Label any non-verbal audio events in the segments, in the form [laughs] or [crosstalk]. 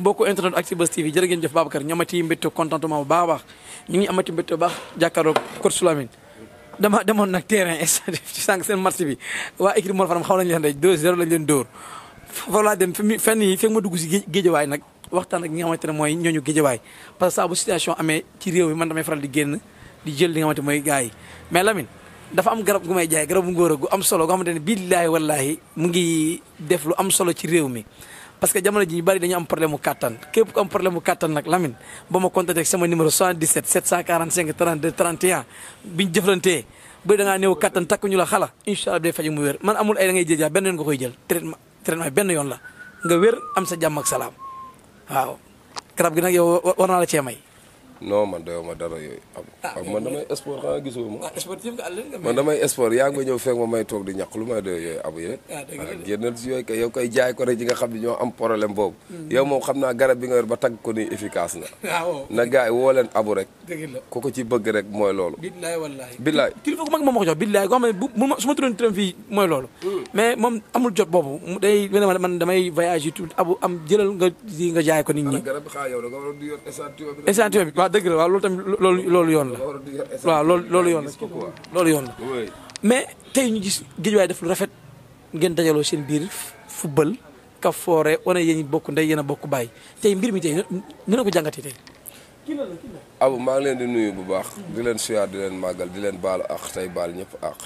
mbokku internet Actubuzz TV jërë ngeen jëf Babacar ñu amati mbégte contentement bu a baax ñu ngi amati mbégte bu baax jàkkaarloog Coach Soulamine dama demoon nag terrain [laughs] ci seen match bi waa équipe Mor Faram xaw na leen rek 2 la lañ leen dóor fa laa dem fi mu fenn yi fekk ma dugg si géejawaay nag waxtaan nag ñi nga xamante ne mooy ñooñu géejawaay parce que saa bu situation amee ci réew mi man damay faral di génn di jël li nga xamante mooy gars yi mais Lamine dafa am garab gu may jaay garabu ngóor gu am solo goo xamante ne billaahi wallaahi mu ngi def lu am solo ci réew mi parce que jamono ji ñu bari dañu am problème mu kattan képp ku am problème mu kattan nag Lamine ba ma contacté ak sama numéro 77 745 32 31 bi ñu jëflantee ba da ngaa néew kattan takku ñu la xala incha allah day faju mu wér man amul ay da ngay jëjaa benn yoon nga koy jël traitement traitement benn yoon la nga wér am sa jàmm ak salaam waaw garab gi nag yow war naa la cee may. no man doyoo ma dara yooyu. ah man damay sport xanaa ah, gisoo ma. Ah, sport yëpp nga ñëw fekk ma may toog di ñàkk may doyoo yooyu abu ah, yooyu kay ko rek ji nga xam ne ñoo am problème boobu. Hmm. yow moom xam naa garab bi nga yor ba tagg ko nii efficace na. [laughs] na gars yi woo leen abu rek. dëgg la ku ko ci bëgg rek mooy loolu. billaay wallaay. billaay mag moom xam ne su ma turoon turam fii mooy loolu. Hmm. mais moom amul jot boobu day man damay voyage tout abu am jëlal nga jaay ko nit ñi dëgg la waaw loolu tamit loolu yoon la waaw loolu loolu yoon la loolu yoon la mais tey ñu gis Guédiawaye def lu rafet ngeen dajaloo seen biir football ka foore wane yéen bokk ndey yéen a bokk bàyyi tey mbir mi tey ñu ne ko jàngatee tey abu maa ngi leen di nuyu bu baax di leen suyaar di leen màggal di leen baal ak tey baal ñëpp àq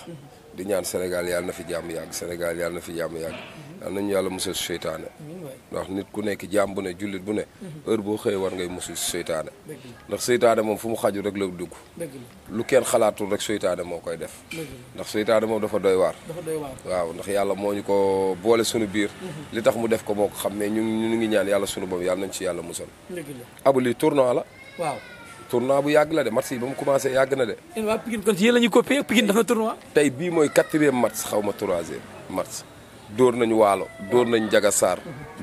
di ñaan Sénégal yàlla na fi jàmm yàgg Sénégal yàlla na fi jàmm yàgg yàlla nañu yàlla musal si seytaane ndax nit ku nekk jaam bu ne jullit bu ne heure boo xëyee war ngay musul si seytaane ndax seytaane moom fu mu xaju rek la dugg lu kenn xalaatul rek seytaane moo koy def ndax seytaane moom dafa doy waar waaw ndax yàlla moo ñu ko boole sunu biir li tax mu def ko moo ko xam mais ñu ñu ngi ñaan yàlla sunu bopp yàlla nañ ci yàlla musal abu li tournoi la tournoi bu yàgg la de match yi ba mu commencé yàgg na de. waa Pikine kon ci yéen la ñuy copié Pikine na tournoi. tey bii mooy quatrième match xaw ma troisième match nañu waalo dóor nañu Ndiaga Sarr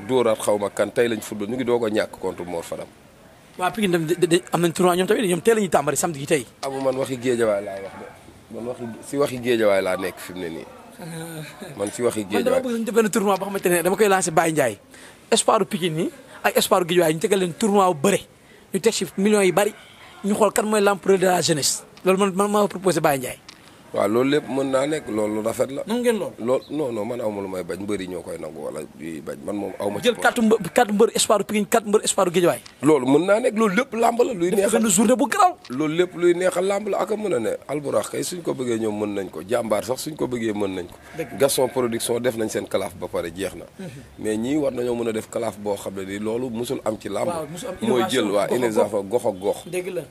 dóoraat xaw kan tey lañ football ñu ngi doog a ñàkk contre Mor Fadam. waa Pikine tamit am nañ ñoom tamit ñoom tey la ñuy tàmbali samedi gi tey. [laughs] yi ak espoiru géejawaay ñu tegal leen tournoi ñu teg ci millions yi bari ñu xool kan mooy l'empereur de la jeunesse loolu man man maa proposé Baye Ndiaye. waaw loolu lépp mën naa nekk loolu rafet la. lool lool non non man aw ma lu koy nangu wala yuy bañ man ma. ci jël quatre mbë loolu naa nekk loolu lépp làmb la luy neexal benn journée bu garaaw. lépp luy neexal làmb la ak a mën a ne alburax kay ko bëggee ñoom ko jàmbaar sax mën nañ ko. Gaston production def nañ seen kalaaf ba pare na. Mhm. mais ñii war nañoo mën a boo xam ne ni musul am ci làmb. mooy jël waa inexafa gox ak gox.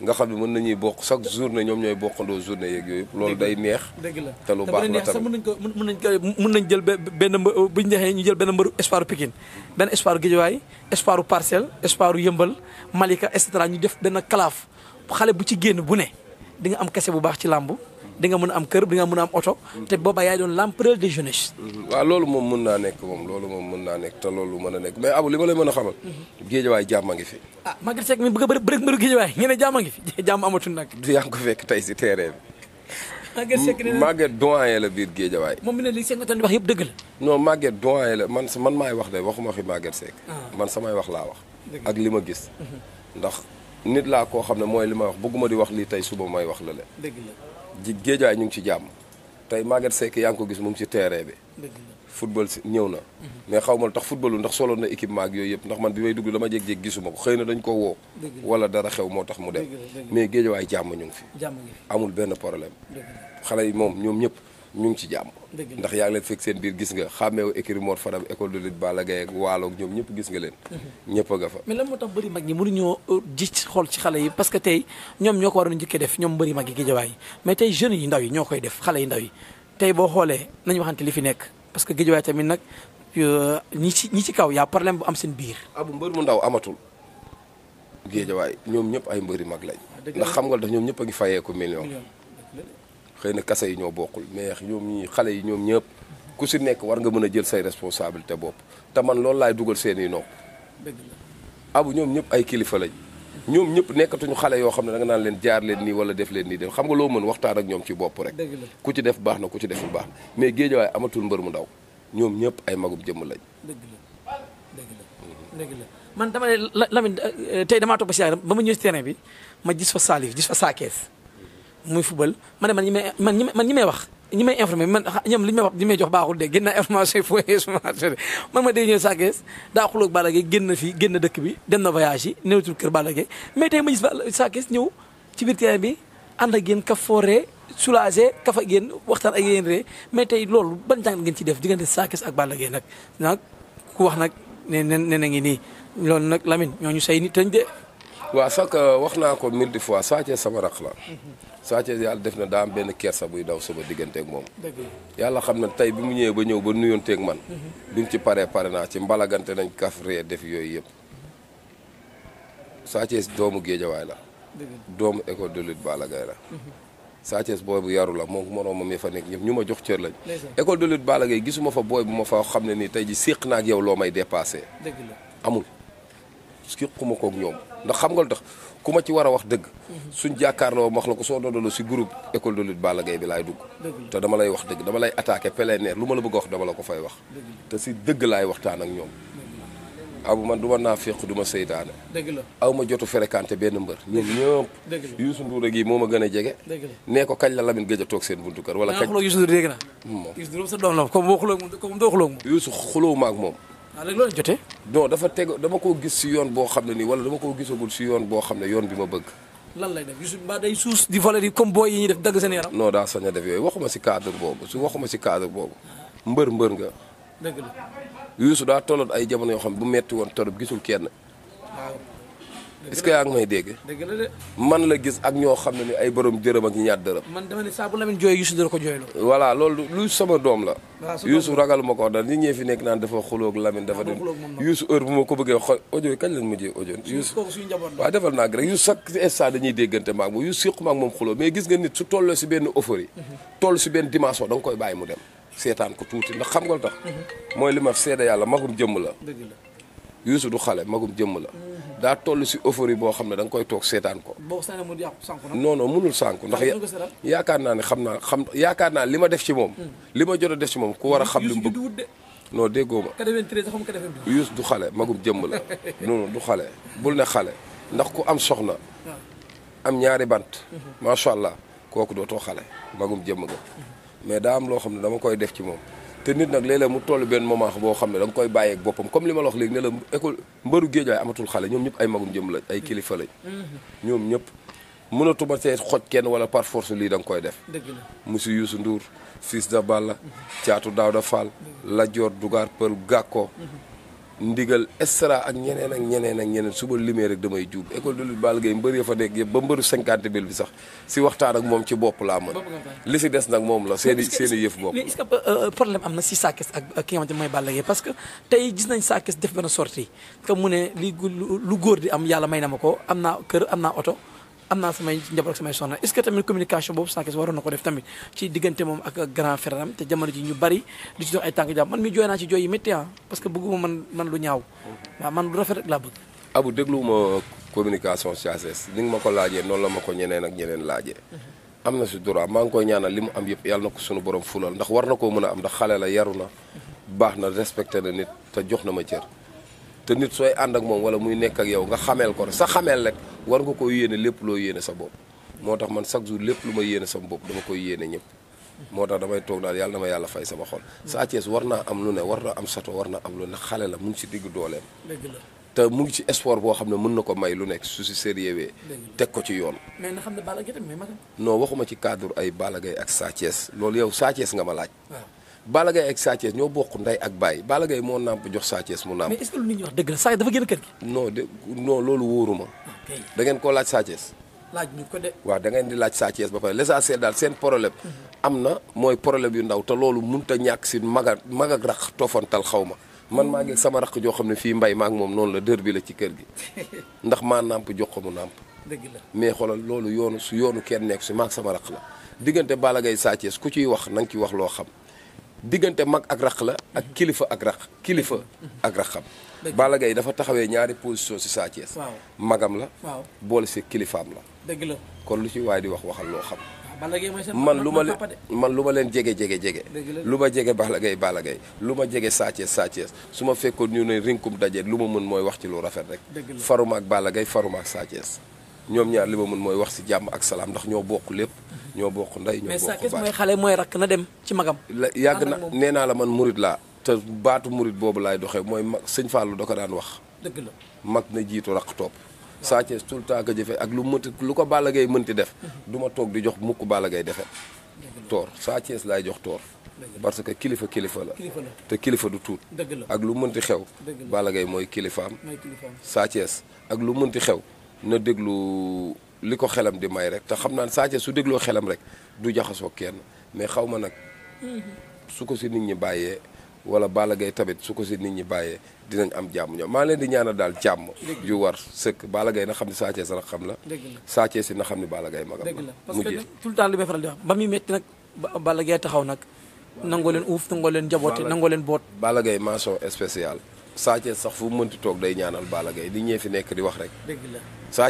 nga xam ne mën nañuy bokk chaque journée ñoom ñooy bokkandoo journée yeeg yooyu loolu day neex. dëgg la te lu baax la tamit mën nañ ko mën nañ ko mën jël benn mba espoir Pikine benn espoir Guédiawaye espoir Parcelles espoir Yëmbal Malika et ñu def benn kalaaf xale bu ci génn bu ne di am kese bu baax ci làmb di mën a am kër di mën a am oto. te booba yaay doon l'empereur des jeunesses. Mm-hmm. a nekk mais abu li ma lay a xamal. Mm-hmm. géejawaay jàmm ah, [laughs] yaa ngi fekk tey si terrain bi. màgget doyen la biir Géejawaay. moom mi ne li Sengatoon di wax yëpp dëgg la. non Maguette doyen la man man maay wax de waxuma fi Maguette Seck. Ah. man samay wax laa wax. ak li ma gis. Mhm. ndax nit laa koo xam ne mooy li may wax bëgguma di wax lii tey suba mooy wax la le. dëgg la ji Géejawaay ñu ngi ci jàmm. tey Maguette sekk yaa ngi ko gis mu ci terrain bi. football si ñëw na. Mhm. mais xaw ma tax footballu ndax soloon na équipement ak yooyu yëpp ndax man bi may dugg dama jeg jékki gisuma ko xëy na dañ ko woo. wala dara xew moo tax mu dem. mais géej waaye jàmm ñu ngi fi. amul benn problème. xale yi moom ñoom ñëpp. ñu ngi ci jàmm ndax yaa ngi leen fekk seen biir gis nga xàmmeewu écurie Mor Fadam école de lutte Balla Gaye ak ñoom ñëpp gis nga leen mhm. ñëpp a nga fa mais lan moo ñi mënuñoo ji euh, xool ci xale yi parce que tey ñoom ñoo ko waroon njëkkee def ñoom bëri mag yi géejawaay yi mais tey jeunes yi ndaw yi ñoo koy def xale yi ndaw yi tey boo xoolee nañu waxante li fi nekk parce que géejawaay tamit nag euh, ñi ci ñi ci kaw yaa problème bu am seen biir abu ah, mbër mu ndaw amatul géejawaay ñoom ñëpp ay mbëri mag lañ ah, ndax xam nga daf ñoom ñëpp a ngi fayeeku million xëy na kase yi ñoo bokkul mais ñoom ñi xale yi ñoom ñëpp ku si nekk war nga mën a jël say responsabilité bopp te man loolu dugal seen i nopp abu ñoom ñëpp ay kilifa lañ ñoom ñëpp nekkatuñu xale yoo xam ne da nga naan leen jaar leen nii wala def leen nii def xam nga loo mën waxtaan ak ñoom ci bopp rek ku ci def baax na ku ci deful baax na mais géejawaay amatul mbër mu ndaw ñoom ñëpp ay magum jëmm lañ la dëgg la man dama ne Lamine tey damaa toog ba si ba ma ñëw si terrain bi ma gis fa Salif gis fa Sa Thiès muy football ma ne man ñi may man ñi man ñi may wax ñi may informé man ñoom li ñu wax li may jox baaxul de génn naa information yi fooy information [laughs] man ma dégg ñu ne Sa Thiès daa xuloog Balla Gaye génn fii génn dëkk bi dem na voyage yi néewatul kër Balla Gaye mais tey ma gis Sa Thiès ñëw ci biir terrain bi ànd ak yéen ka fooree soulagé ka fa génn waxtaan ak yéen ree mais tey loolu ban jàng ngeen ci def diggante Sa Thiès ak Balla Gaye nag nag ku wax nag ne ne ne na ngi nii loolu nag Lamine ñooñu say nit lañ de. waaw sax wax naa ko mille de fois Sa Thiès sama raq la Sa yàlla def na daa benn kersa buy daw sama digganteeg moom yàlla xam ne tey bi mu ñëwee ba ñëw ba nuyoonteeg man bi mu ci pare pare naa ci mbalagante nañ kaf ree def yooyu yëpp Sa doomu doomu géejawaay la doomu école de lutte Balla Gaye la Sa booy bu yaru la moom moroomam yi fa nekk ñëpp ñu ma jox cër lañ école de lutte Balla gisuma fa booy bu ma fa xam ne nii tey ji séq naa ak yow loo may dépassé amul séquma koog ñoom ndax xam nga lu tax ku ma ci war a wax dëgg. suñ jàkkaarloo wax la ko soo doon si groupe école de lutte Balla Gaye bi laay dugg. te dama lay wax dëgg dama lay attaqué plénière lu ma la bëgg a wax dama la ko fay wax. te si dëgg laay waxtaan ak ñoom. abu man du ma naa féq du ma seytaane. dëgg la aw ma jotu fréquenté benn mbër ñoom [laughs] ñëpp. dëgg la Youssou Ndour ak moo ma gën a jege. dëgg la ko kañ la Lamine gëj a toog seen buntu kër. wala kañ maa xuloo Youssou Ndour dégg naa. la comme boo xuloo comme doo xuloo moom waaw ah, léegi loolu jotee. non dafa teg dama koo gis si yoon boo xam ne nii wala dama koo gisagul si yoon boo xam ne yoon bi ma bëgg. lan lay def Youssou Ba day suus di voler yi comme booy yi ñuy def dagg seen yaram. non daa sañ a def yooyu waxuma si cadre boobu su waxuma si cadre boobu mbër mbër nga. dëgg la Youssou daa tolloon ay jamono yoo xam ne bu metti woon torop gisul kenn. waaw est-ce que yaa ngi may dégg. dëgg man la gis ak ñoo xam ne ni ay borom dërëm ak ñaar dërëm. man dama ne saa bu Lamine jooyee Youssou loolu lu sama doom la. Youssou ragal ma ko wax daal nit ñee fi nekk naan dafa xulóog Lamine dafa dem Youssou heure bu ma ko bëggee xol audio kañ lañ mujjee audio. Youssou kooku suñu njaboot la waaw defal naa rek Youssou chaque instant dañuy déggante maag moom Youssou siqu maag mais gis nga nit su tolloo si benn euphorie. toll si benn dimension da koy bàyyi mu dem seetaan ko tuuti ndax xam nga lu tax mhm. mooy li ma see yàlla magum jëmm la Youssou du xale magum jëmm la mhm. daa toll si euphorie boo xam ne da koy toog seetaan ko. boo ko mu yàqu sànq na. non non mënul sànq ndax yaakaar naa ne xam naa xam yaakaar naa lima def ci moom. Hmm. li ma jot a def ci moom ku war a xam li mu bëgg. non déggoo ma. 93 xam du xale magum jëmm la. [laughs] noonu du xale bul ne xale ndax ku am soxna. Ah. am ñaari bant. Hmm. macha allah kooku dootoo xale magum jëmm nga. Hmm. mais daa am loo xam ne dama koy def ci moom. te nit nag léeg-léeg mu toll benn moment boo xam ne da nga koy bàyyeeg boppam comme li ma la wax léegi ne la école mbëru géejaay amatul xale ñoom ñëpp ay magum jëm la ay kilifa lañ. Mm-hmm. ñoom ñëpp mënatuma see xoj kenn wala par force lii da nga koy def. dëgg la monsieur nduur Ndour. Fils de Balla. Thiatou Daouda Fall. Lat Dior Dougar Peul Gakko. Mm-hmm. ndigal extra ak ñeneen ak ñeneen ak ñeneen suba limee rek damay juub école de lutte Balla Gaye mbër ya fa ba mbëru cinquante mille bi sax si waxtaan ak moom ci bopp laa mën li si des nag moom la seeni seeni yëf bopp mais euh, euh, problème am na si Sa Thiès ak ki nga xamante mooy Balla Gaye parce que tey gis nañ Sa def def benn sortie que mu ne li lu góor di am yàlla may na ma ko am naa kër am naa oto am naa samay njaboot ak samay soxna est-ce que tamit communication boobu Sa Thiès waroon na ko def tamit ci diggante moom ak grand frère am te jamono ji ñu bari di ci dox ay tànk jàpp man mi jooy naa ci jooy yi ah, parce que bëgguma man man lu ñaaw man lu rafet rek laa bëgg abu dégluwuma communication Sa ni nga ma ko laajee noonu la ma ko ñeneen ak ñeneen laajee mhm. am na si droit maa ngi koy ñaanal li mu am yëpp yàlla na ko suñu borom fulal ndax war na koo mën am ndax xale la na baax na respecté na nit te jox na ma cër te nit sooy ànd ak moom wala muy nekk ak yow nga xameel ko rek sa xameel rek war nga koy yéene lépp loo yéene sa bopp moo tax man chaque jour lépp lu ma yéene sama bopp dama koy yéene ñëpp moo tax damay toog daal yàlla ma yàlla fay sama xol Sa war naa am lu ne war naa am sato war naa am lu ne xale la mu ngi si diggu dooleem te mu ngi ci espoir boo xam ne mën na ko may lu nekk su si sérieux wee teg ko ci yoon mais na xam ne Balla Gaye tamit mais non waxuma ci cadre ay Balla ak Sa loolu yow Sa Thiès nga ma laaj Balla Gaye ak Sa Thiès ñoo bokk ndey ak baay Balla Gaye moo nàmp jox Sa mu nàmp. mais est wax dëgg la Sa dafa génn kër gi. non de loolu da ngeen koo laaj Sa laaj ñu ko de. waaw da ngeen di laaj Sa Thiès ba pare l'essentiel daal seen problème. Mhm. am na mooy problème yu ndaw te loolu mënut a ñàkk si mag ak mag ak xaw ma. man maa ngi sama rakk joo xam ne fii mbay maak moom noonu la dër bi la ci kër gi [laughs] ndax maa nàmp jox ko mu nàmp dëgg la mais xoolal loolu yoonu su yoonu kenn nekk si maak sama raq la diggante Balla Gaye Sa ku ciy wax na nga ciy wax loo xam diggante mag ak raq la ak kilifa ak raq kilifa ak raqam Balla Gaye dafa taxawee ñaari position ci Sa magam la boole ci kilifaam la dëgg la kon lu ci waaye di wax waxal loo xam ah, man lu ma man lu ma leen jege jege jege lu ma jege Balla Gaye Balla Gaye lu ma jege Sa Thiès su ma fekkoon ñu ne rinkum daje lu ma mën mooy wax ci lu rafet rek faruma ak Balla Gaye faruma ak Sa ñoom ñaar li ma mën mooy wax ci jàmm ak salaam ndax ñoo bokk lépp ñoo bokk nday ñoo bokk baay mais xale mooy rakk na dem ci magam. la yàgg na nee naa la man murit laa te baatu murit boobu laay doxee mooy mag sëñ Fallou da ko wax. dëgg la mag na jiitu rakk topp. Sa Thiès tout le ak lu mënti lu ko Balla Gaye mënti def. Mhm. du ma toog di jox mukk Balla gay defe toor Sa Thiès laay jox toor. parce que kilifa kilifa la. te kilifa du tuut. ak lu mënti xew. Balla Gaye mooy kilifaam. Sa Thiès ak lu mënti xew na déglu. li ko xelam di may rek te xam naa ne Sa su dégloo xelam rek du jaxasoo kenn mais xaw ma nag su ko si nit ñi bàyyee wala Balla Gaye tamit su ko si nit ñi bàyyee dinañ am jàmm ñoom maa leen di ñaanal daal jàmm yu war sëkk Balla Gaye na xam ne Sa Thiès na xam la Sa Thiès si na xam ne Balla Gaye magam la parce que tout le temps li may faral di wax ba muy métti nag Balla Gaye taxaw nag nangoo leen uuf nangoo leen jaboote nangoo leen boot Balla Gaye mention spéciale Sa sax fu mu mënti toog day ñaanal Balla Gaye ñee fi nekk di wax rek. dëgg la Sa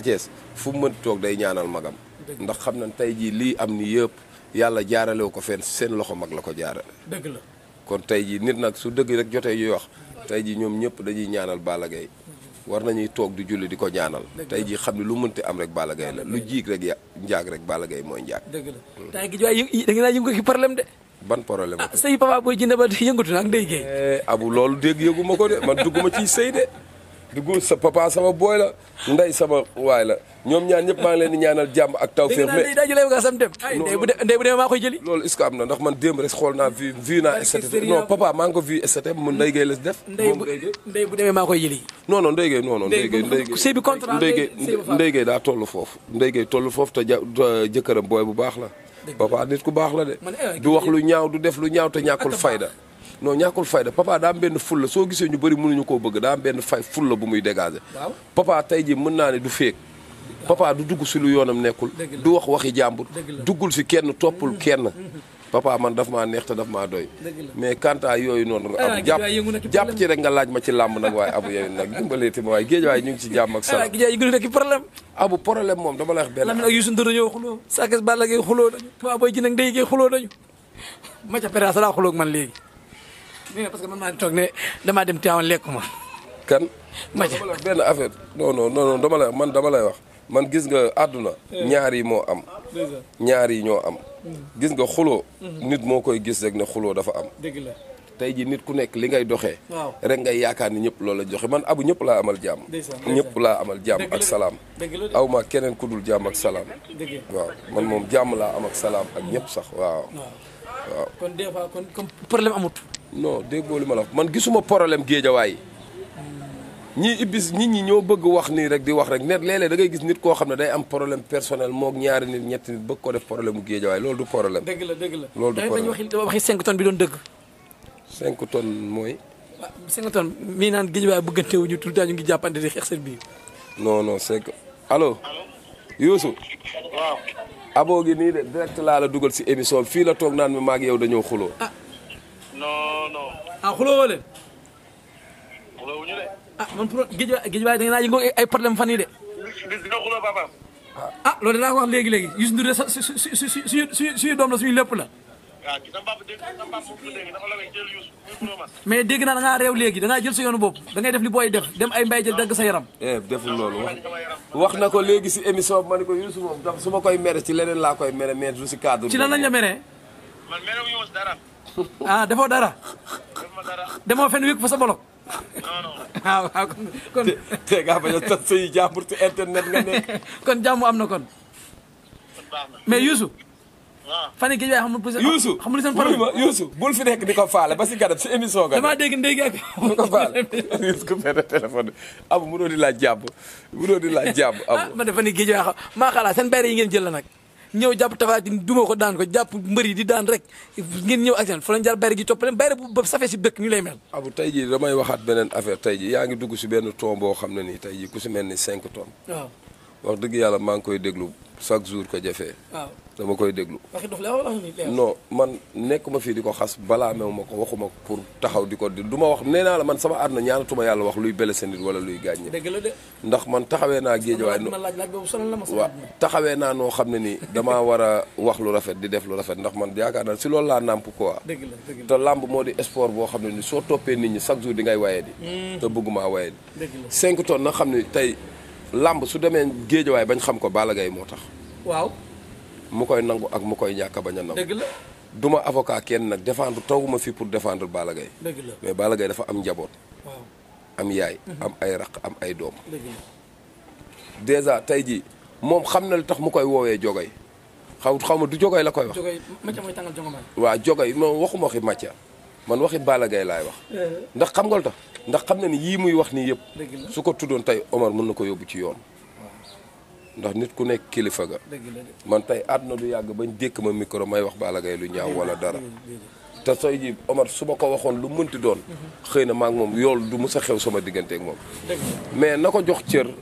fu mu mënti toog day ñaanal magam. ndax xam na tey jii lii am ni yëpp yàlla jaarale ko fenn seen loxo mag la ko jaarale. dëgg la kon tey jii nit nag su dëgg rek jotee yuy wax tey jii ñoom ñëpp dañuy ñaanal Balla Gaye war nañuy toog di julli di ko ñaanal. tey jii xam ne lu mënti am rek Balla Gaye la lu jiig rek ya njaag rek Balla Gaye mooy njaag. dëgg la hmm. tey gi da naa yëngu ki problème de. ban problème ah sëy papa booy jinne ba yëngatu nag ndey géey eh, abu loolu dégg yëguma ko de man dugguma ci sëy de dugg sa papa sama booy la ndey sama waay la ñoom ñaan ñëpp maa ngi leen ñaanal jàmb ak taw féex mais daa jëlee nga sam dem ndey bu demee maa koy jëli loolu est am na ndax man démb rek xool naa vu naa etc non papa maa ngi ko vu etc mu hmm? ndey géey la def demee maa koy jëli non non ndey géey bi contrat ndey géey daa toll foofu ndey géey toll foofu te jëkkëram booy bu baax la papa nit ku baax la de eh, du wax lu ñaaw du def lu ñaaw te ñàkkul fayda non ñàkkul fayda papa daam am benn fulla soo gisee ñu bëri mënuñu koo bëgg daa benn fay fulla bu muy dégager papa tey ji mën naa ne du féeg papa du dugg si lu yoonam nekkul du wax waxi jàmbur duggul si kenn toppul mm-hmm. kenn mm-hmm. papa man daf maa neex te daf maa doy. mais kanta yooyu noonu ah, nga am jàpp ci rek nga laaj ma ci làmb nag waaye abu yow nag dimbaleeti waaye géej waaye ñu ngi ci jàmm ak salaam géej ah, gi moom dama la wax benn Lamine ak Youssou Ndour dañoo xuloo Sakes Balla Gaye a dañu sa laa xuloo man léegi mais parce que man maa toog ne damaa dem Tivaouane lekku ma kan ma ca benn affaire non non non dama man dama lay wax man gis nga àdduna eh. ñaar yi moo am ñaar yi ñoo am mm-hmm. gis nga xuloo mm-hmm. nit moo koy gis rek ne xuloo dafa am dëgg la tey ji nit ku nekk li ngay doxee rek ngay yaakaar ni ñëpp loolu la joxe man abu ñëpp laa amal jàmm ñëpp laa amal jàmm ak salaam aw ma keneen ku dul jàmm ak salaam waaw man moom jàmm laa am ak salaam ak ñëpp sax waaw waaw kon des kon comme problème amut non déggoo li ma la man gisuma problème géejawaay ñi ibis nit ñi ñoo bëgg wax nii rek di wax rek net léeg-léeg da ngay gis nit koo xam ne day am problème personnel moog ñaari nit ñetti nit bëgg ko def problème mu géej waaye loolu du problème. dëgg la dëgg la loolu du problème waxi waxi 5 tonnes bi mooy. waaw mii naan géej waaye bëggante wu ñu tout ngi jàppante di xeex seen biir. non non 5 allo. Youssou. waaw. gi nii de direct laa la dugal si émission fii la toog naan mi maag yow dañoo xuloo. ah non ah, xuloo woo ah man pro géej géej waaye da ngeen ay problème fan yii de. ah loolu dinaa ko wax léegi léegi Youssou Ndour de sa su su su su doom la suñu lépp la. mais dégg naa da ngaa léegi da jël sa yoonu bopp dangay def li booy def dem ay mbay jël dagg sa yaram. eh deful loolu wax wax na ko léegi si émission bi ma ko Youssou moom dafa su ma koy mere ci leneen laa koy mere mais du si cadre. ci lan lañ la meree. man mere dara. ah defoo dara. demoo fenn wékk fa sa bolok waaw ah, waaw kon kon. te ngaa bañ a tas say jàmbur ci internet nga nekk. [laughs] kon jàmm am na kon. mais Youssou. waaw fan yii géej waaye xamul seen. bul fi nekk di ko faale ba si garab si émission. ga damaa dégg ndéy ak. [laughs] di ko faale gis ko benn téléphone abu mënoo di laaj jàmm mënoo di laaj jàmm. Ah, abu man de fan yii géej waaye maa xalaat seen bayre yi ngeen jël la nag. ñëw jàpp tafaatin duma ko daan ko jàpp mbër yi di daan rek ngeen ñëw ak seen fa lañ jaar bayre gi topp leen bayre bu safee si dëkk ñu lay mel abu tey ji damay waxaat beneen affaire tey ji yaa ngi dugg si benn ton boo xam ne ni tey ji ku si mel ni cinq tonnes waaw wax dëgg yàlla maa ngi koy déglu chaque jour ko jafee. waaw dama koy déglu. waxi dof la wala non fii di ko xas balaa meew ma ko waxuma ko pour taxaw di ko di du ma wax nee naa la man sama àdduna ñaanatuma yàlla wax luy blessé nit wala luy gaañ. dëgg la de ndax man taxawee naa géej waaye. man laaj laaj boobu sonal la ma waaw taxawee naa noo xam ne nii damaa war a wax lu rafet di def lu rafet ndax man yaakaar naa si loolu laa nàmp quoi. dëgg la dëgg la te làmb moo di sport boo xam ne ni soo toppee nit ñi chaque jour di ngay waye di. Mm. te bëgguma waye di. cinq tonnes na xam ne tey làmb su demee géejawaay bañ xam ko Balla moo tax. waaw. mu koy nangu ak mu koy ñàkk bañ a nangu. dëgg la du ma avocat kenn nag défendre tawuma fi pour défendre Balla Gaye. dëgg mais Balla dafa am njaboot. am yaay. Mhm. am ay raq am ay doom. tey jii moom xam na lu tax mu koy woowee jogay xaw xaw ma du jogay la koy wax. jogay Mathia mooy tàngal jongo waaw jogay moom waxuma waxi Mathia man waxi Balla Gaye laay wax. Euh. ndax xam nga lu tax. ndax xam na ni yii muy wax nii yëpp su ko tuddoon tey Omar mën na ko yóbbu ci yoon ndax nit ku nekk kilifa ga man tey na du yàgg bañ dékk ma micro may wax Balla Gaye lu ñaaw wala dara te sooy ji Omar su ma ko waxoon lu mënti doon mhm. xëy na maak moom yool du mës a xew sama diggante ak moom mais na ko jox cër mhm.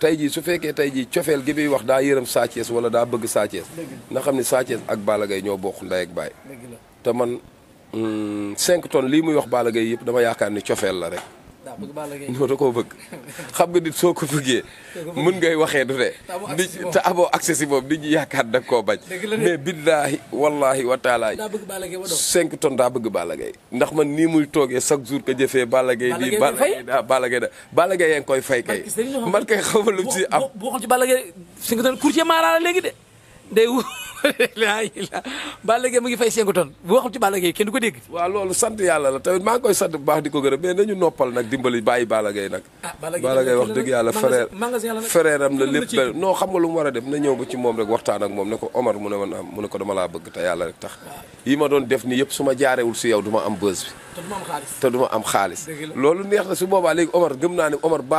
tey jii su fekkee tey jii cofeel gi biy wax daa yërëm Sa Thiès wala daa bëgg Sa Thiès na xam ne Sa ak Balla gay ñoo bokk ndey ak baay Hmm, cinq tonnes lii muy wax Balla Gaye yëpp dama yaakaar ni cofeel la rek. daa bëgg Balla da koo bëgg xam nga nit soo ko bëggee mën ngay waxee du ne nit te amoo accès si moom nit ñi yaakaar da koo bañ mais billaahi wallaahi wa taala cinq tonnes daa bëgg Balla Gaye ndax man nii muy toogee chaque jour que jëfee Balla Gaye lii Balla Gaye daa Balla Gaye da Balla Gaye yaa ngi koy fay kay man kay xamalum si am boo xam ci Balla la léegi de [laughs] la la Balla Gaye mu ngi fay 5 tonnes bu waxul ci Balla kenn du ko dégg waaw loolu sant yàlla la tamit maa ngi koy sant bu baax di ko gërëm mais nañu noppal nag dimbali bàyyi Balla Gaye nag a baax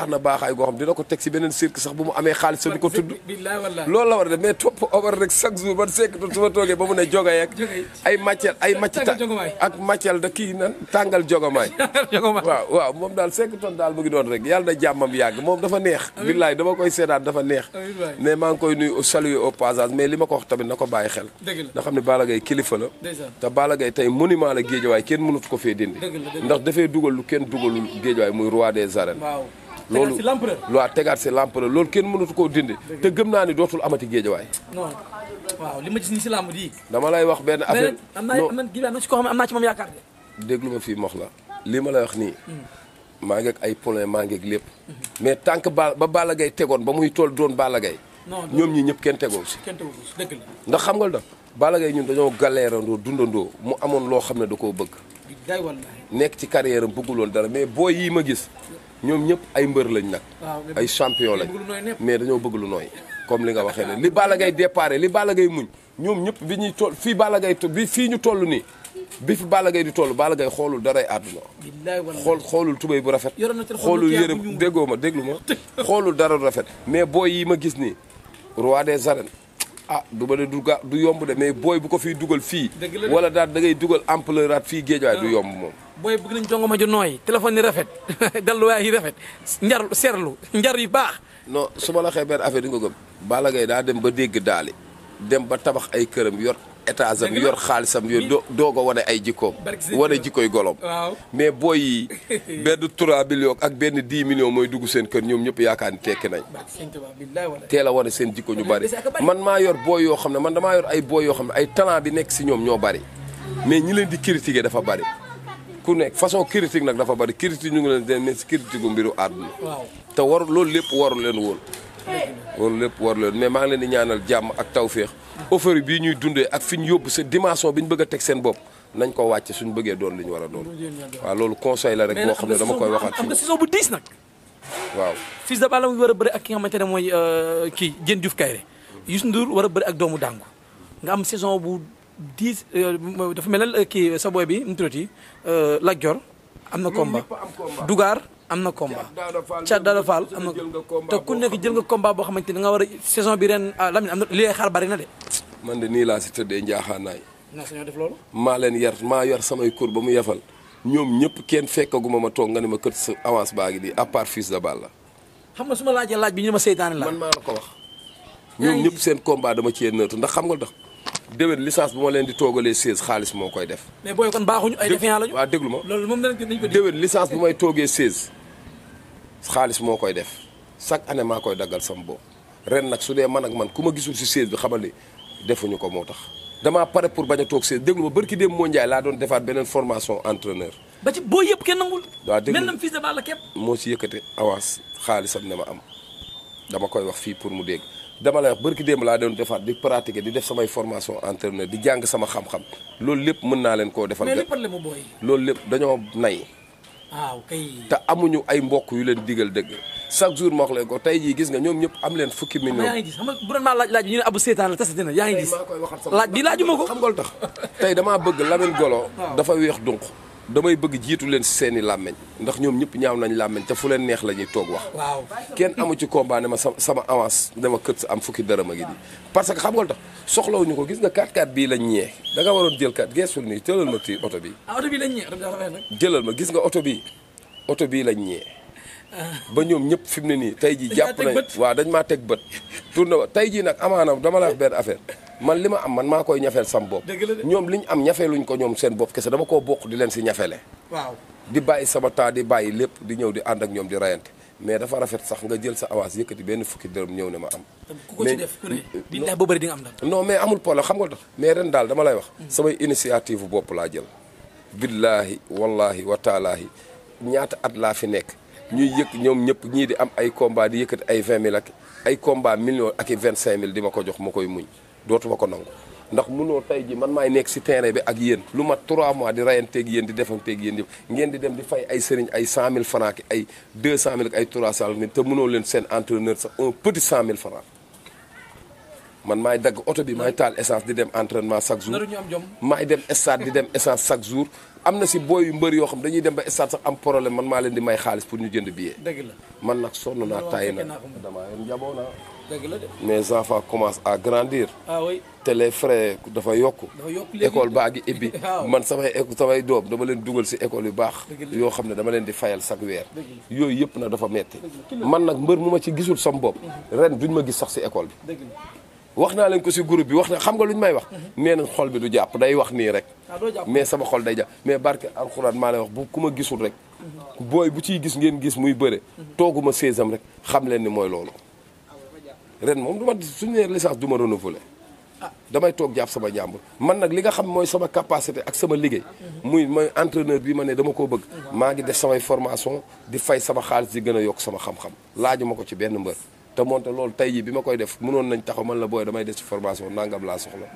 na baaxaay goo xam dina ko teg si beneen cirque sax bu mu amee xaalis sa du ko tudd loolu la war a mais topp Omar rek chaque jour sekk su ma toogee ba mu ne joga yeeg ay màcceel ay màcc ak màcceel da kii nan [laughs] tàngal jogomaay waaw waaw moom daal sekk ton daal mu ngi doon rek yàlla na jàmmam yàgg moom dafa neex billaay dama koy seetaan dafa neex mais maa ngi koy nuy saluer au passage mais li ma ko wax tamit na ko bàyyi xel na xam ne Balla Gaye kilifa la te Balla Gaye tey monument la géejawaay kenn mënut ko fee dindi ndax dafay dugal lu kenn dugalul géejawaay muy roi des arènes loolu waaw tegaat si l'empereur loolu kenn mënatu koo dindi te gëm naa ni dootul amati géejawaay waaw li ma gis nii si làmb ji. dama lay wax benn affaire am naa man gii daal si koo xam ne am naa ci moom yaakaar de. déglu ma fii mox la li ma lay wax nii. Hmm. maa ngi ay poulain maa ngi lépp. mais tant ba ba Balla Gaye tegoon ba muy tool doon Balla Gaye. ñoom ñii ñëpp kenn tegoo si. kenn tegoo si ndax xam nga lu tax Balla ñun dañoo galérandoo dundandoo mu amoon loo xam ne da koo bëgg. nekk ci carrière am bëgguloon dara mais booy yii ma gis ñoom ñëpp ay mbër lañ nag. ay champion lañ mais dañoo bëgg lu nooy. comme li nga waxee ne li Balla Gaye déparé li bala gay muñ ñoom ñëpp bi ñuy toll fii Balla Gaye bi fii ñu toll nii bi fi Balla Gaye di toll Balla Gaye xoolul daray àdduna xool xoolul tubéy bu rafet xoolul yére déggoo ma déglu ma xoolul dara rafet mais booy yi ma gis nii roi des arènes ah du ba de du du yomb de mais booy bu ko fiy dugal fii wala daal da ngay dugal ampleur at fii géej waay du ah. yomb moom booy bëgg nañ jongoma ju nooy téléphone yi rafet [laughs] dalluwaay yi rafet njar seerlu njar yu baax non su ma la xee benn affaire di nga gëm. Balla Gaye daa dem ba dégg daali dem ba tabax ay këram yor étage am yor xaalisam yor doo doog a wane ay jikkoom. wane jikkoy golom mais booy yi [laughs] benn 3 millions ak benn 10 millions mooy dugg seen kër ñoom ñëpp yaakaar ni tekki nañ. teel a wane seen jikko ñu bari. man maa yor booy yoo xam ne man damaa yor ay booy yoo xam ne ay talent bi nekk si ñoom ñoo bari mais ñi leen di critiquer dafa bari. ku nekk façon critique nag dafa bari critique ñu ngi leen den si critique gu mbiru àdduna te waru loolu lépp waru woon loolu lépp waru leen mais maa ngi leen di ñaanal jàmm ak tawféex offre bii ñuy dundee ak fi ñu yóbbu seen dimension bi ñu bëgg a teg seen bopp nañ ko wàcce suñ bëggee doon li ñu war a doon waaw loolu conseil la rek boo xam ne dama koy waxaat am nga saison bu diis nag waaw Fils a bëri ak ki nga xamante ne mooy euh, kii Diène Diouf Kairé Youssou Ndour war a bëri ak doomu dàngu nga am saison bu dix euh, dafa mel na euh, kii sa boy bi mu tuddati euh, Lat Dior am na combat Dugar am na combat Thiat Daouda Fall am na te ku nekk jël nga combat boo xamante ni nga war a saison bi ren ah Lamine am li bari na de. man de nii laa si tëddee njaaxaanaay. naa sañoo def loolu. maa leen yar maa yor samay kur ba mu yefal ñoom ñëpp kenn fekkaguma ma toog nga ne ma kër sa avance baa ngi di à part Fils de Balla. xam nga su ma laajee laaj bi ñu ma seytaane la. man maa la ko wax. ñoom ñëpp seen combat dama cee nëtu ndax xam nga tax déwén licence bu ma leen di toogalee 16 xaalis moo koy def. mais booy kon lañu. waaw déglu ma loolu moom danañ ko déwén licence bu may toogee 16 xaalis moo koy def chaque année maa koy daggal sama bopp ren nag su dee man ak man ku ma gisul si 16 bi xamal ni defuñu ko moo tax damaa pare pour bañ a toog 16 déglu ma barki dem moo Ndiaye laa doon defaat beneen formation entraîneur. ba ci boo yëpp kenn nangul. waa dégg nga fils moo si yëkkate avance xaalisam ne ma am dama koy wax fii pour mu dégg. dama lay wax barki démb laa doon defaat di pratiquer di def samay formation entraîneur di jàng sama xam-xam loolu lépp mën naa leen koo defal. mais problème booy loolu lépp dañoo nay. waaw ah, kay. te amuñu ay mbokk yu leen digal dëgg chaque jour ma wax leen ko tey jii gis nga ñoom ñëpp am leen fukki ah, million. yaa ngi gis xam nga bu doon maa laaj laaj ñu ne abu seetaan la tasati na yaa ngi gis. laaj bi laajuma ko xam nga lu tax. tey damaa bëgg Lamine Golo. [laughs] dafa weex dunq damay bëgg jiitu leen si seen i làmmeñ ndax ñoom ñëpp ñaaw nañ làmmeñ te fu leen neex la ñuy toog wax. waaw kenn amu ci combat ne ma sama sama avance dama kët sa am fukki dërëm a ngi nii. parce que xam nga lu tax soxlawuñu ko gis nga 4 x bii lañ ñee da nga waroon jël 4 geesul nii jëlal ma ti oto bi. ah oto bii lañ jëlal ma gis nga oto bii oto bii lañ ñee. Ah. ba ñoom ñëpp fi mu ne nii. tey jii jàpp nañ waaw dañ maa teg bët. wa tey jii nag amaanaam dama la wax benn affaire man li ma am man maa koy ñafeel sam bopp ñoom li ñu am ñafeeluñ ko ñoom seen bopp kese dama ko bokk di leen si ñafele waaw di bàyyi sama temps di bàyyi lépp di ñëw di ànd ak ñoom di rayante mais dafa rafet sax nga jël sa avance yëkkati benn fukki dërëm ñëw ne ma am ku ko ci bëri di nga am dara non mais amul problème xam nga tax mais ren daal dama lay wax hmm. samay initiative bopp laa jël billaahi wallaahi wa taalaahi ñaata at laa fi nekk ñuy yëkk ñoom ñëpp ñii di am ay combat di yëkkati ay vingt mille ak ay combat million ak i vingt cinq mille di ma ko jox ma koy muñ dootuma ko nangu ndax munoo tey ji man maay nekk si terrain bi ak yéen lu mat trois mois di rayanteeg yéen di defanteeg yéen di ngeen di dem di fay ay sëriñ ay 100000 francs ki ay 200000 ak ay leen seen entraîneur sax un petit maay dagg oto bi maay taal essence di dem entraînement chaque jour maay dem stade di dem essence chaque jour am na si booy yu mbër yoo xam dañuy dem ba stade sax am problème man maa leen di may xaalis pour ñu jënd bii dëgg la man nag sonn naa taay na damaa yoon njaboo naa mais les enfants commencent à grandir. ah te les frais dafa yokk. école baa ngi ibbi. [laughs] Ah man samay samay doom dama leen dugal si école yu baax. yoo xam ne dama leen di fayal sag weer. yooyu yëpp nag dafa metti man nag mbër mu ma ci gisul sam bopp. Mhm. ren duñ ma gis sax si école bi. wax naa leen ko si groupe bi wax na xam nga lu ñu may wax mhm. nee nañ xol bi du jàpp day wax nii rek ah, mais sama xol day jàpp mais barke alxuraan maa lay wax bu ku ma gisul rek mhm. booy bu ciy gis ngeen gis muy bëre tooguma séesam rek xam leen ni mooy loolu ren moom du ma suñu nee licence du ma renouveler damay toog jàpp sama jàmbur man nag li nga xam mooy sama capacité ak sama liggéey muy mooy entraîneur bi ma ne dama koo bëgg maa ngi def samay formation di fay sama xaalis di gën a yokk sama xam-xam laaju ma ko ci benn mbër te moonte loolu tey jii bi ma koy def mënoon nañ taxaw man la booy damay des ci formation nangam laa soxla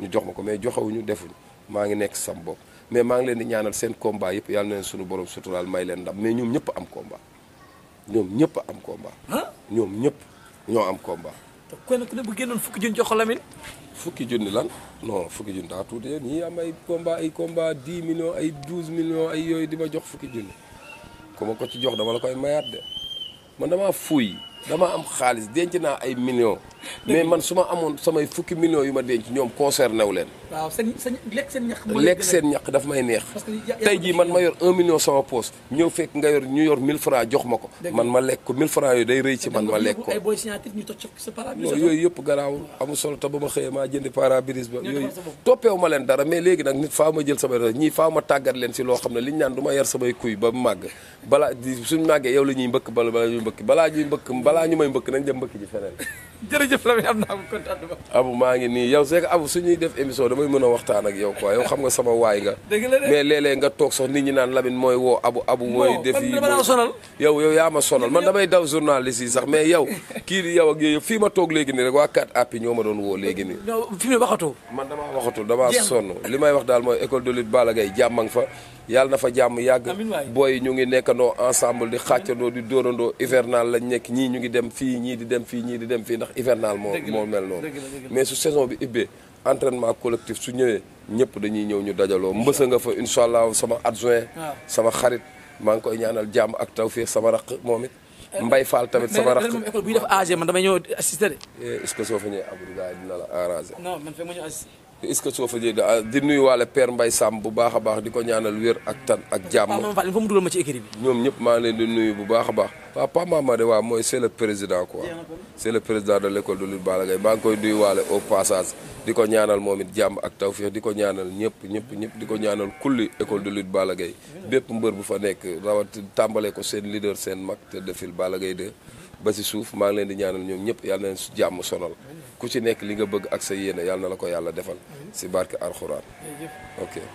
ñu jox ma ko mais joxewuñu defuñu maa ngi nekk sam bopp mais maa ngi leen di ñaanal seen combat yëpp yàlla na leen suñu borom may leen ndam mais ñoom ñëpp am combat ñoom ñëpp am combat ñoom ñëpp ñoo am combat. te nag ku ne bu génnoon fukki junni jox ko Lamine. fukki junni lan non fukki junni daa tuuti yéen ñii am ay combat ay combat 10 million ay 12 millions ay yooyu di ma jox fukki junni ku ma ko ci jox dama la koy mayaat de man damaa fuuy. dama am xaalis denc naa ay millions. mais man su ma amoon samay fukki millions yu ma denc ñoom concerné wu leen. waaw seen seen lekk seen ñax. lekk daf may neex. tey jii man ma yor un million sama poos ñëw fekk nga yor ñu yor mille francs jox ma ko. man ma lekk ko mille francs yooyu day rëy ci man ma lekk ko. ay booy yooyu yëpp garaawul amul solo te ba ma xëyee maa jëndi pare-brise ba. yooyu toppeewu ma leen dara mais léegi nag nit faaw ma jël samay dara ñii faaw ma tàggat leen si loo xam ne liñ naan du ma yar samay kuy ba màgg balaa suñ màggee yow la ñuy mbëkk bala ñuy mbëkk balaa ñuy mbëkk balaa ñu may mbëkk nañ dem mbëkk ji feneen. [laughs] jërëjëf Lamine am naa ko kontaan ba. Abu maa ngi nii yow c'est Abu su ñuy def émission damay mën a waxtaan ak yow quoi yow xam nga sama waay nga. mais léeg-léeg nga toog sax nit ñi naan labin mooy woo Abu Abu mooy def yi yow yow yaa ma sonol man damay daw journaliste si sax mais yow [laughs] kii di yow ak yooyu fii ma toog léegi nii rek waa 4appuis ñoo ma doon woo léegi nii. non fi mu man damaa waxatul damaa son li may wax daal mooy école de lutte Balla Gaye jàmmang fa yàlla na fa jàmm yàgg booy ñu ngi nekkandoo ensemble di xàccandoo di dóorandoo hivernal la nekk ñii ñu ngi dem fii ñii di dem fii ñii di dem fii ndax hivernal moo moo mel noonu mais su saison bi ibbee entraînement collectif su ñëwee ñëpp dañuy ñëw ñu dajaloo mbësa nga fa incha allah sama adjoint sama xarit maa ngi koy ñaanal jàmm ak taw tawfeex sama raq moom it eh, Mbay faal tamit sama rakk bi école bu ñu def AG man damay ñëw assister de. Eh, est-ce que soo dina la arrangé. est-ce que soo fa jëlee ah di nuyuwaale Père Mbaye Samb bu baax a baax di ko ñaanal wér ak tan ak jàmm. mu dugal ma ci écurie bi. ñoom ñëpp maa ngi leen di nuyu bu baax a baax waaw Pape Mamadou waaw mooy c'est le président quoi c'est le président de l'école de lutte Balla Gaye maa ngi koy nuyuwaale au passage di ko ñaanal moom it jàmm ak tawféex di ko ñaanal ñëpp ñëpp ñëpp di ko ñaanal kulli école de lutte Balla bépp mbër bu fa nekk rawat tàmbale ko seen leader seen mag te defil Balla Gaye de ba si suuf maa ngi leen di ñaanal ñoom ñëpp yàlla na leen jàmm sonal ku ci nekk li nga bëgg ak sa yéene yàlla na la ko yàlla defal si barke alxuraan ok